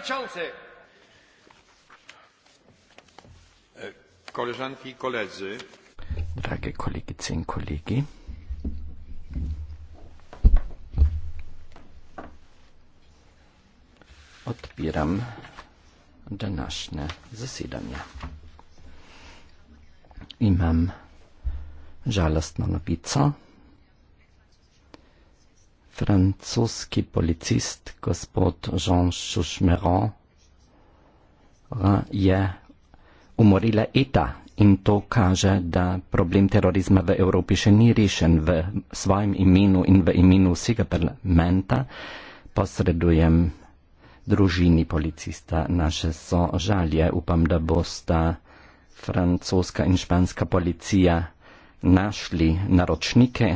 przewodniczący! E, koleżanki i koledzy. Drage kolegi, kolegi. Odbieram današnje zasedanje. Imam žalostno novico francoski policist gospod Jean Chouchmeron je umorila Eta in to kaže, da problem terorizma v Evropi še ni rešen v svojem imenu in v imenu vsega parlamenta. Posredujem družini policista naše so žalje. Upam, da bosta francoska in španska policija našli naročnike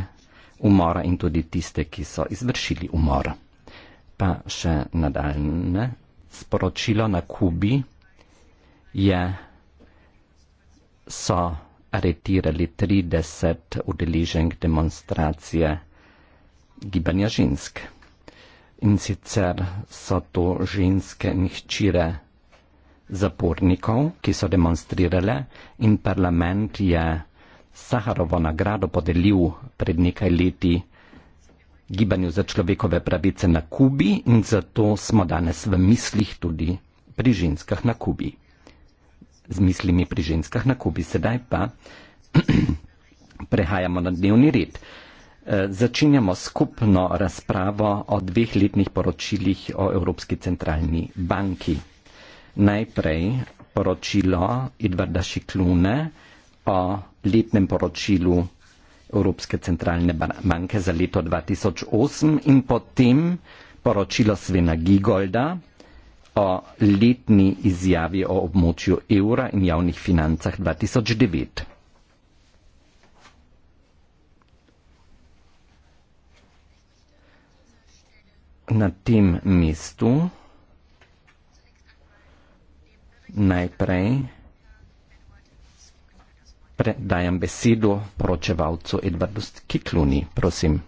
umora in tudi tiste, ki so izvršili umor. Pa še nadaljne sporočilo na Kubi je, so aretirali 30 udeleženk demonstracije gibanja žensk. In sicer so to ženske nihčire zapornikov, ki so demonstrirale in parlament je Saharovo nagrado podelil pred nekaj leti gibanju za človekove pravice na Kubi in zato smo danes v mislih tudi pri ženskah na Kubi. Z mislimi pri ženskah na Kubi. Sedaj pa prehajamo na dnevni red. E, začenjamo skupno razpravo o dveh letnih poročilih o Evropski centralni banki. Najprej poročilo Edvarda Šiklune, o letnem poročilu Evropske centralne banke za leto 2008 in potem poročilo Svena Gigolda o letni izjavi o območju evra in javnih financah 2009. Na tem mestu najprej ministre, dajem besedo poročevalcu Edvardu Kikluni. Prosim.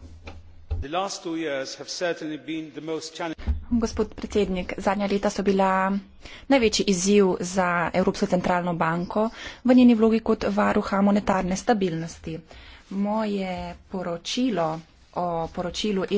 Gospod predsednik, zadnja leta so bila največji izziv za Evropsko centralno banko v njeni vlogi kot varuha monetarne stabilnosti. Moje poročilo o poročilu